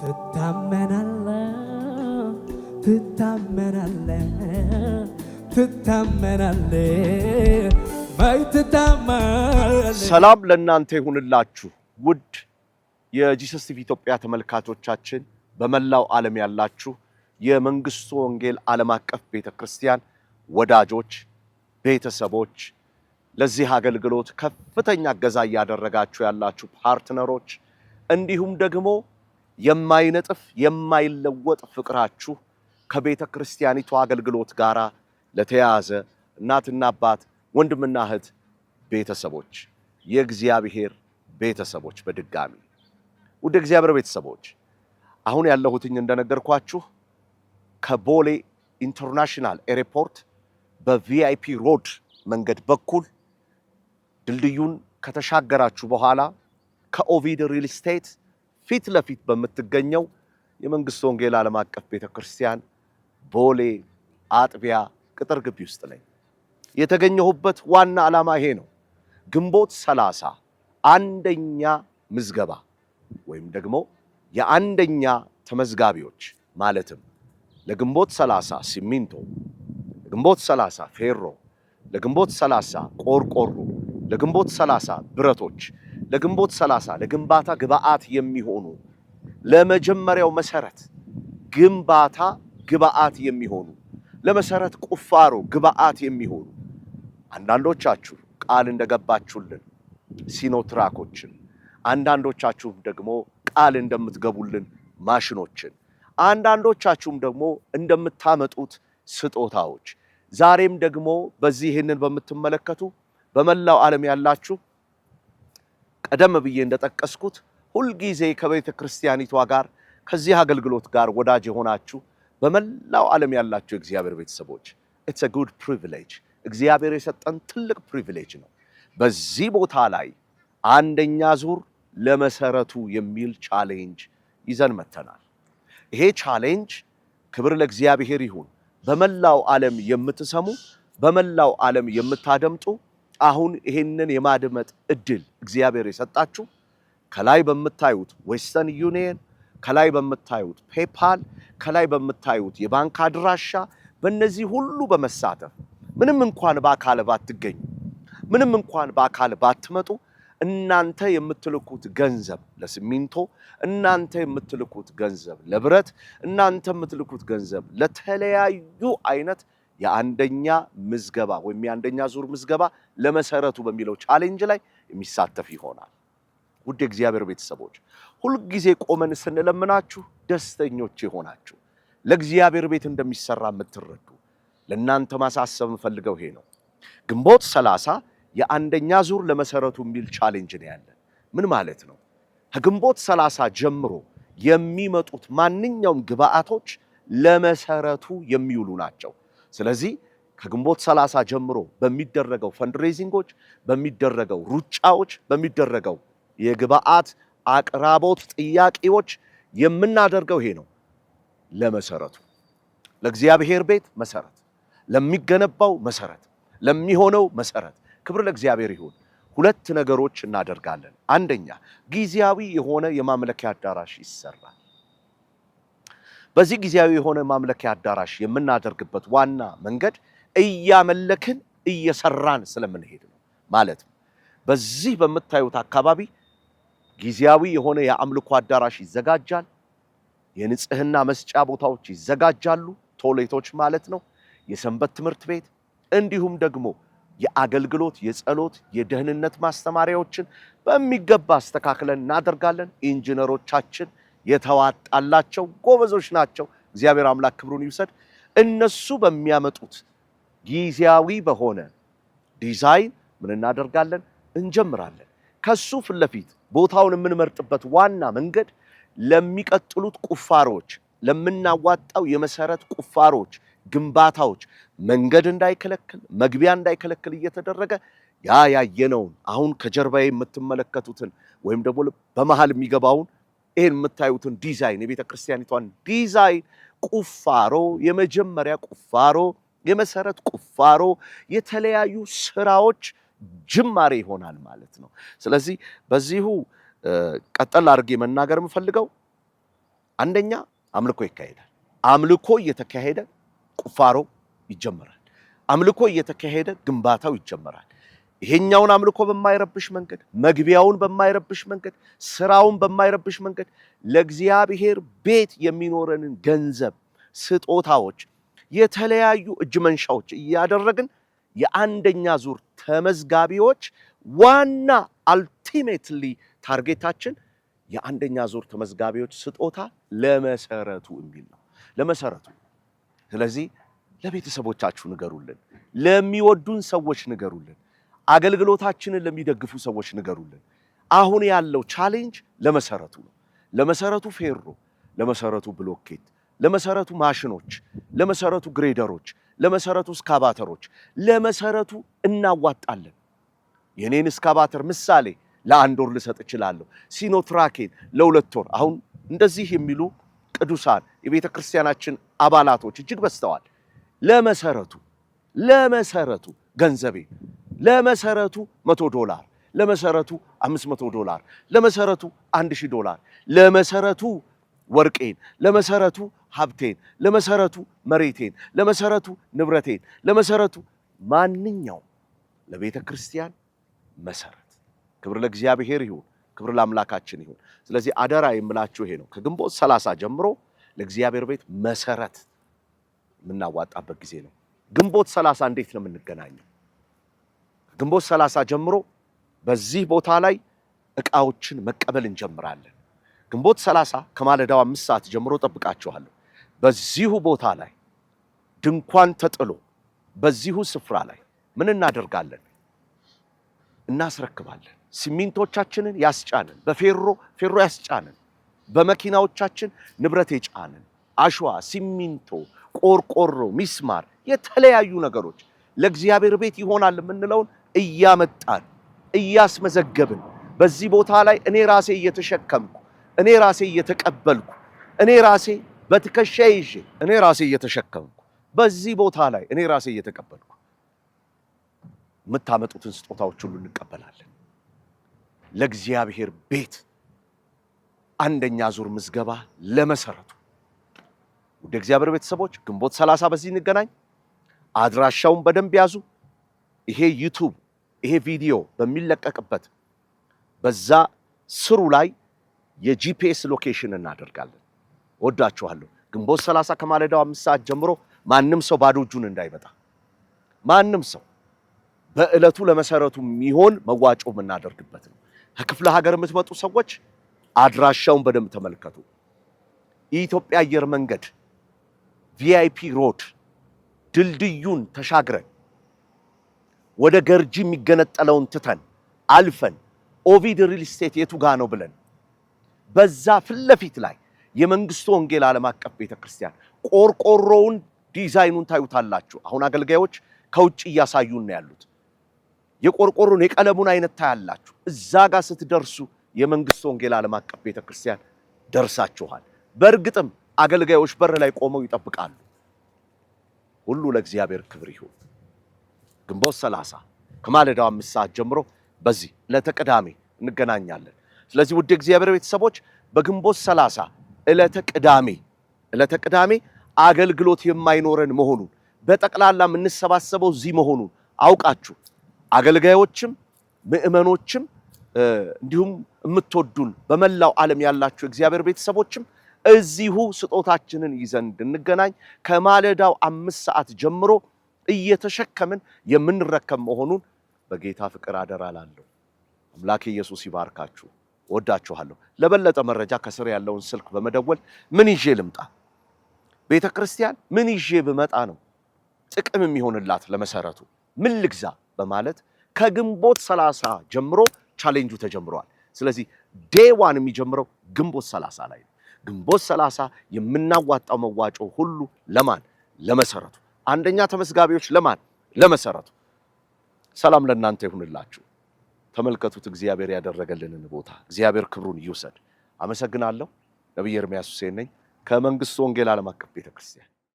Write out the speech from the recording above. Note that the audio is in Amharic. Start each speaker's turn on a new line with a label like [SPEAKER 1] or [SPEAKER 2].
[SPEAKER 1] ትታመናለ ትታመናለ ትታመናለ
[SPEAKER 2] ሰላም ለእናንተ ይሁንላችሁ ውድ የጂሰስ ቲቪ ኢትዮጵያ ተመልካቾቻችን በመላው ዓለም ያላችሁ የመንግስቱ ወንጌል ዓለም አቀፍ ቤተ ክርስቲያን ወዳጆች፣ ቤተሰቦች፣ ለዚህ አገልግሎት ከፍተኛ እገዛ እያደረጋችሁ ያላችሁ ፓርትነሮች፣ እንዲሁም ደግሞ የማይነጥፍ የማይለወጥ ፍቅራችሁ ከቤተ ክርስቲያኒቱ አገልግሎት ጋር ለተያያዘ እናትና አባት፣ ወንድምና እህት፣ ቤተሰቦች የእግዚአብሔር ቤተሰቦች በድጋሚ ውድ እግዚአብሔር ቤተሰቦች አሁን ያለሁትኝ እንደነገርኳችሁ ከቦሌ ኢንተርናሽናል ኤርፖርት በቪአይፒ ሮድ መንገድ በኩል ድልድዩን ከተሻገራችሁ በኋላ ከኦቪድ ሪል ስቴት ፊት ለፊት በምትገኘው የመንግስት ወንጌል ዓለም አቀፍ ቤተ ክርስቲያን ቦሌ አጥቢያ ቅጥር ግቢ ውስጥ ላይ የተገኘሁበት ዋና ዓላማ ይሄ ነው። ግንቦት ሰላሳ አንደኛ ምዝገባ ወይም ደግሞ የአንደኛ ተመዝጋቢዎች ማለትም ለግንቦት ሰላሳ ሲሚንቶ፣ ለግንቦት ሰላሳ ፌሮ፣ ለግንቦት ሰላሳ ቆርቆሮ፣ ለግንቦት ሰላሳ ብረቶች ለግንቦት ሰላሳ ለግንባታ ግብአት የሚሆኑ ለመጀመሪያው መሰረት ግንባታ ግብአት የሚሆኑ ለመሰረት ቁፋሮ ግብአት የሚሆኑ አንዳንዶቻችሁ ቃል እንደገባችሁልን ሲኖትራኮችን አንዳንዶቻችሁም ደግሞ ቃል እንደምትገቡልን ማሽኖችን አንዳንዶቻችሁም ደግሞ እንደምታመጡት ስጦታዎች ዛሬም ደግሞ በዚህ ይህንን በምትመለከቱ በመላው ዓለም ያላችሁ ቀደም ብዬ እንደጠቀስኩት ሁልጊዜ ከቤተ ክርስቲያኒቷ ጋር ከዚህ አገልግሎት ጋር ወዳጅ የሆናችሁ በመላው ዓለም ያላችሁ የእግዚአብሔር ቤተሰቦች ኢትስ አ ጉድ ፕሪቪሌጅ እግዚአብሔር የሰጠን ትልቅ ፕሪቪሌጅ ነው። በዚህ ቦታ ላይ አንደኛ ዙር ለመሰረቱ የሚል ቻሌንጅ ይዘን መተናል። ይሄ ቻሌንጅ ክብር ለእግዚአብሔር ይሁን። በመላው ዓለም የምትሰሙ በመላው ዓለም የምታደምጡ አሁን ይሄንን የማድመጥ እድል እግዚአብሔር የሰጣችሁ ከላይ በምታዩት ዌስተርን ዩኒየን፣ ከላይ በምታዩት ፔፓል፣ ከላይ በምታዩት የባንክ አድራሻ በእነዚህ ሁሉ በመሳተፍ ምንም እንኳን በአካል ባትገኙ፣ ምንም እንኳን በአካል ባትመጡ እናንተ የምትልኩት ገንዘብ ለሲሚንቶ፣ እናንተ የምትልኩት ገንዘብ ለብረት፣ እናንተ የምትልኩት ገንዘብ ለተለያዩ አይነት የአንደኛ ምዝገባ ወይም የአንደኛ ዙር ምዝገባ ለመሰረቱ በሚለው ቻሌንጅ ላይ የሚሳተፍ ይሆናል። ውድ እግዚአብሔር ቤተሰቦች ሁልጊዜ ቆመን ስንለምናችሁ ደስተኞች የሆናችሁ ለእግዚአብሔር ቤት እንደሚሰራ የምትረዱ ለእናንተ ማሳሰብ የምፈልገው ይሄ ነው። ግንቦት ሰላሳ የአንደኛ ዙር ለመሰረቱ የሚል ቻሌንጅ ነው ያለን። ምን ማለት ነው? ከግንቦት ሰላሳ ጀምሮ የሚመጡት ማንኛውም ግብአቶች ለመሰረቱ የሚውሉ ናቸው። ስለዚህ ከግንቦት 30 ጀምሮ በሚደረገው ፈንድሬዚንጎች፣ በሚደረገው ሩጫዎች፣ በሚደረገው የግብአት አቅራቦት ጥያቄዎች የምናደርገው ይሄ ነው። ለመሰረቱ ለእግዚአብሔር ቤት መሰረት፣ ለሚገነባው መሰረት፣ ለሚሆነው መሰረት ክብር ለእግዚአብሔር ይሁን። ሁለት ነገሮች እናደርጋለን። አንደኛ ጊዜያዊ የሆነ የማምለኪያ አዳራሽ ይሰራል። በዚህ ጊዜያዊ የሆነ ማምለኪያ አዳራሽ የምናደርግበት ዋና መንገድ እያመለክን እየሰራን ስለምንሄድ ነው ማለት ነው። በዚህ በምታዩት አካባቢ ጊዜያዊ የሆነ የአምልኮ አዳራሽ ይዘጋጃል። የንጽህና መስጫ ቦታዎች ይዘጋጃሉ፣ ቶሌቶች ማለት ነው። የሰንበት ትምህርት ቤት እንዲሁም ደግሞ የአገልግሎት፣ የጸሎት፣ የደህንነት ማስተማሪያዎችን በሚገባ አስተካክለን እናደርጋለን። ኢንጂነሮቻችን የተዋጣላቸው ጎበዞች ናቸው። እግዚአብሔር አምላክ ክብሩን ይውሰድ። እነሱ በሚያመጡት ጊዜያዊ በሆነ ዲዛይን ምን እናደርጋለን? እንጀምራለን። ከሱ ፊት ለፊት ቦታውን የምንመርጥበት ዋና መንገድ ለሚቀጥሉት ቁፋሮች፣ ለምናዋጣው የመሰረት ቁፋሮች፣ ግንባታዎች መንገድ እንዳይከለክል፣ መግቢያ እንዳይከለክል እየተደረገ ያ ያየነውን አሁን ከጀርባዬ የምትመለከቱትን ወይም ደግሞ በመሃል የሚገባውን ይህን የምታዩትን ዲዛይን የቤተ ክርስቲያኒቷን ዲዛይን ቁፋሮ የመጀመሪያ ቁፋሮ የመሰረት ቁፋሮ፣ የተለያዩ ስራዎች ጅማሬ ይሆናል ማለት ነው። ስለዚህ በዚሁ ቀጠል አድርጌ መናገር የምፈልገው አንደኛ አምልኮ ይካሄዳል። አምልኮ እየተካሄደ ቁፋሮ ይጀመራል። አምልኮ እየተካሄደ ግንባታው ይጀመራል። ይሄኛውን አምልኮ በማይረብሽ መንገድ፣ መግቢያውን በማይረብሽ መንገድ፣ ስራውን በማይረብሽ መንገድ ለእግዚአብሔር ቤት የሚኖረንን ገንዘብ ስጦታዎች የተለያዩ እጅ መንሻዎች እያደረግን የአንደኛ ዙር ተመዝጋቢዎች ዋና አልቲሜትሊ ታርጌታችን የአንደኛ ዙር ተመዝጋቢዎች ስጦታ ለመሰረቱ የሚል ነው። ለመሰረቱ ስለዚህ ለቤተሰቦቻችሁ ንገሩልን፣ ለሚወዱን ሰዎች ንገሩልን፣ አገልግሎታችንን ለሚደግፉ ሰዎች ንገሩልን። አሁን ያለው ቻሌንጅ ለመሰረቱ ነው። ለመሰረቱ ፌሮ፣ ለመሰረቱ ብሎኬት ለመሰረቱ ማሽኖች፣ ለመሰረቱ ግሬደሮች፣ ለመሰረቱ እስካባተሮች፣ ለመሰረቱ እናዋጣለን። የኔን እስካባተር ምሳሌ ለአንድ ወር ልሰጥ እችላለሁ። ሲኖትራኬን ለሁለት ወር። አሁን እንደዚህ የሚሉ ቅዱሳን የቤተ ክርስቲያናችን አባላቶች እጅግ በዝተዋል። ለመሰረቱ ለመሰረቱ ገንዘቤ ለመሰረቱ መቶ ዶላር ለመሰረቱ አምስት መቶ ዶላር ለመሰረቱ አንድ ሺህ ዶላር ለመሰረቱ ወርቄን ለመሰረቱ ሀብቴን፣ ለመሰረቱ መሬቴን፣ ለመሰረቱ ንብረቴን፣ ለመሰረቱ ማንኛውም ለቤተ ክርስቲያን መሰረት። ክብር ለእግዚአብሔር ይሁን፣ ክብር ለአምላካችን ይሁን። ስለዚህ አደራ የምላችሁ ይሄ ነው። ከግንቦት ሰላሳ ጀምሮ ለእግዚአብሔር ቤት መሰረት የምናዋጣበት ጊዜ ነው። ግንቦት ሰላሳ እንዴት ነው የምንገናኘው? ከግንቦት ሰላሳ ጀምሮ በዚህ ቦታ ላይ እቃዎችን መቀበል እንጀምራለን። ግንቦት ሰላሳ ከማለዳው አምስት ሰዓት ጀምሮ ጠብቃችኋለሁ። በዚሁ ቦታ ላይ ድንኳን ተጥሎ በዚሁ ስፍራ ላይ ምን እናደርጋለን? እናስረክባለን። ሲሚንቶቻችንን ያስጫንን በፌሮ ፌሮ ያስጫንን በመኪናዎቻችን ንብረት የጫንን አሸዋ፣ ሲሚንቶ፣ ቆርቆሮ፣ ሚስማር፣ የተለያዩ ነገሮች ለእግዚአብሔር ቤት ይሆናል የምንለውን እያመጣን እያስመዘገብን በዚህ ቦታ ላይ እኔ ራሴ እየተሸከምኩ እኔ ራሴ እየተቀበልኩ እኔ ራሴ በትከሻ ይዤ እኔ ራሴ እየተሸከምኩ በዚህ ቦታ ላይ እኔ ራሴ እየተቀበልኩ የምታመጡትን ስጦታዎች ሁሉ እንቀበላለን። ለእግዚአብሔር ቤት አንደኛ ዙር ምዝገባ ለመሰረቱ ወደ እግዚአብሔር ቤተሰቦች ግንቦት ሰላሳ በዚህ እንገናኝ። አድራሻውን በደንብ ያዙ። ይሄ ዩቱብ ይሄ ቪዲዮ በሚለቀቅበት በዛ ስሩ ላይ የጂፒኤስ ሎኬሽን እናደርጋለን። ወዳችኋለሁ። ግንቦት 30 ከማለዳው አምስት ሰዓት ጀምሮ ማንም ሰው ባዶ እጁን እንዳይመጣ፣ ማንም ሰው በእለቱ ለመሰረቱ የሚሆን መዋጮ የምናደርግበት ነው። ከክፍለ ሀገር የምትመጡ ሰዎች አድራሻውን በደንብ ተመልከቱ። የኢትዮጵያ አየር መንገድ ቪአይፒ ሮድ ድልድዩን ተሻግረን ወደ ገርጂ የሚገነጠለውን ትተን አልፈን ኦቪድ ሪል ስቴት የቱ ጋ ነው ብለን በዛ ፊት ለፊት ላይ የመንግስቱ ወንጌል ዓለም አቀፍ ቤተክርስቲያን ቆርቆሮውን ዲዛይኑን ታዩታላችሁ። አሁን አገልጋዮች ከውጭ እያሳዩን ነው ያሉት። የቆርቆሮን የቀለሙን አይነት ታያላችሁ። እዛ ጋር ስትደርሱ የመንግስቱ ወንጌል ዓለም አቀፍ ቤተክርስቲያን ደርሳችኋል። በእርግጥም አገልጋዮች በር ላይ ቆመው ይጠብቃሉ። ሁሉ ለእግዚአብሔር ክብር ይሁን። ግንቦት 30 ከማለዳው አምስት ሰዓት ጀምሮ በዚህ ለተቀዳሜ እንገናኛለን። ስለዚህ ውድ እግዚአብሔር ቤተሰቦች በግንቦት 30 ዕለተ ቅዳሜ ዕለተ ቅዳሜ አገልግሎት የማይኖረን መሆኑን በጠቅላላ የምንሰባሰበው እዚህ መሆኑን አውቃችሁ አገልጋዮችም ምዕመኖችም እንዲሁም የምትወዱን በመላው ዓለም ያላችሁ እግዚአብሔር ቤተሰቦችም እዚሁ ስጦታችንን ይዘን እንድንገናኝ ከማለዳው አምስት ሰዓት ጀምሮ እየተሸከምን የምንረከብ መሆኑን በጌታ ፍቅር አደራ ላለሁ። አምላክ ኢየሱስ ይባርካችሁ። ወዳችኋለሁ። ለበለጠ መረጃ ከስር ያለውን ስልክ በመደወል ምን ይዤ ልምጣ፣ ቤተ ክርስቲያን ምን ይዤ ብመጣ ነው ጥቅም የሚሆንላት፣ ለመሰረቱ ምን ልግዛ በማለት ከግንቦት ሰላሳ ጀምሮ ቻሌንጁ ተጀምሯል። ስለዚህ ዴዋን የሚጀምረው ግንቦት ሰላሳ ላይ ነው። ግንቦት ሰላሳ የምናዋጣው መዋጮ ሁሉ ለማን? ለመሰረቱ። አንደኛ ተመዝጋቢዎች ለማን? ለመሰረቱ። ሰላም ለእናንተ ይሁንላችሁ። ተመልከቱት እግዚአብሔር ያደረገልንን ቦታ። እግዚአብሔር ክብሩን ይውሰድ። አመሰግናለሁ። ነቢይ ኤርምያስ ሁሴን ነኝ ከመንግስት ወንጌል ዓለም አቀፍ ቤተክርስቲያን